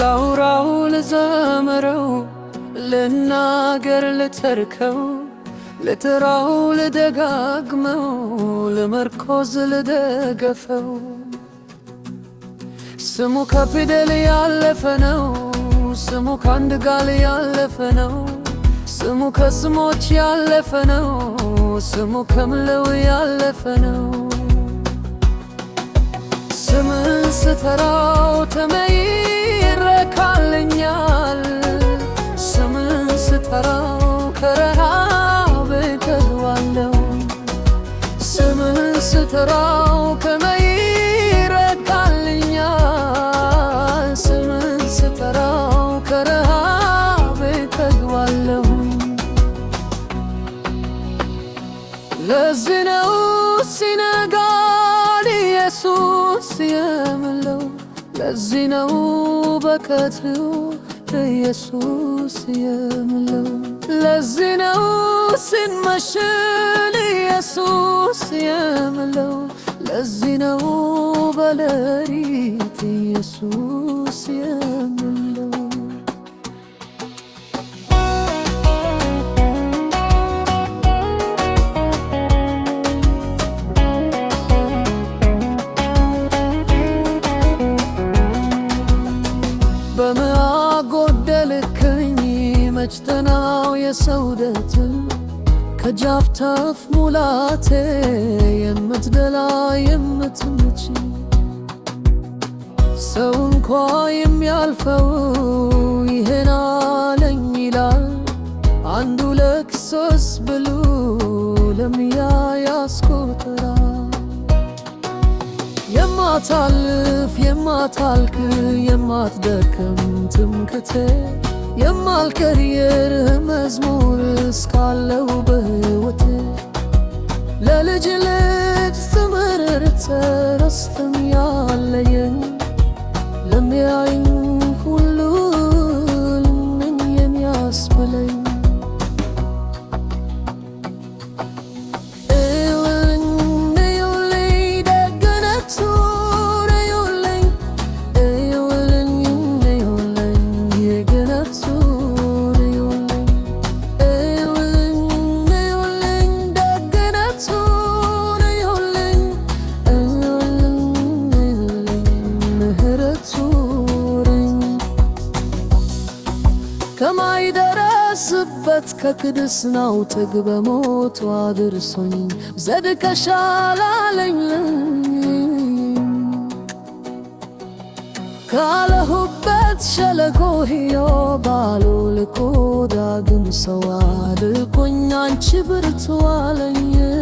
ላውራው ልዘምረው ልናገር ልተርከው ልጥራው ልደጋግመው ልመርኮዝ ልደገፈው ስሙ ከፊደል ያለፈ ነው። ስሙ ከአንድ ቃል ያለፈ ነው። ስሙ ከስሞች ያለፈ ነው። ስሙ ከምለው ያለፈ ነው። ስምን ስተራው ተመይ ይተካልኛል ስምን ስጠራው ከረሃብ እጠግባለሁ ስምን ስጠራው ከመይ ይረካልኛል ስምን ስጠራው ከረሃብ እጠግባለሁ ለዚህ ነው ሲነጋል ኢየሱስ ለዚህ ነው በከትው ኢየሱስ የምለው ለዚህ ነው ሲንመሽል ኢየሱስ የምለው ለዚህ ነው በለሪት በምን መችተናው የሰውደት ተናው ከጃፍ ታፍ ሙላቴ የምትደላ የምትመች ሰው እንኳ የሚያልፈው የማታልፍ የማታልክ የማትደክም ትምክቴ የማልቀየርህ መዝሙር እስካለው በሕይወቴ ለልጅ ልጅ ትምህርት ረስተም ያለየኝ ለሚያይ ከማይደረስበት ከቅድስናው ጥግ በሞቱ አድርሶኝ ዘድቀሽ አላለኝ ካለሁበት ሸለቆ ሕያው ባሉ ልኮ ዳግም ሰው አድርጎኝ አንቺ ብርቱ አለኝ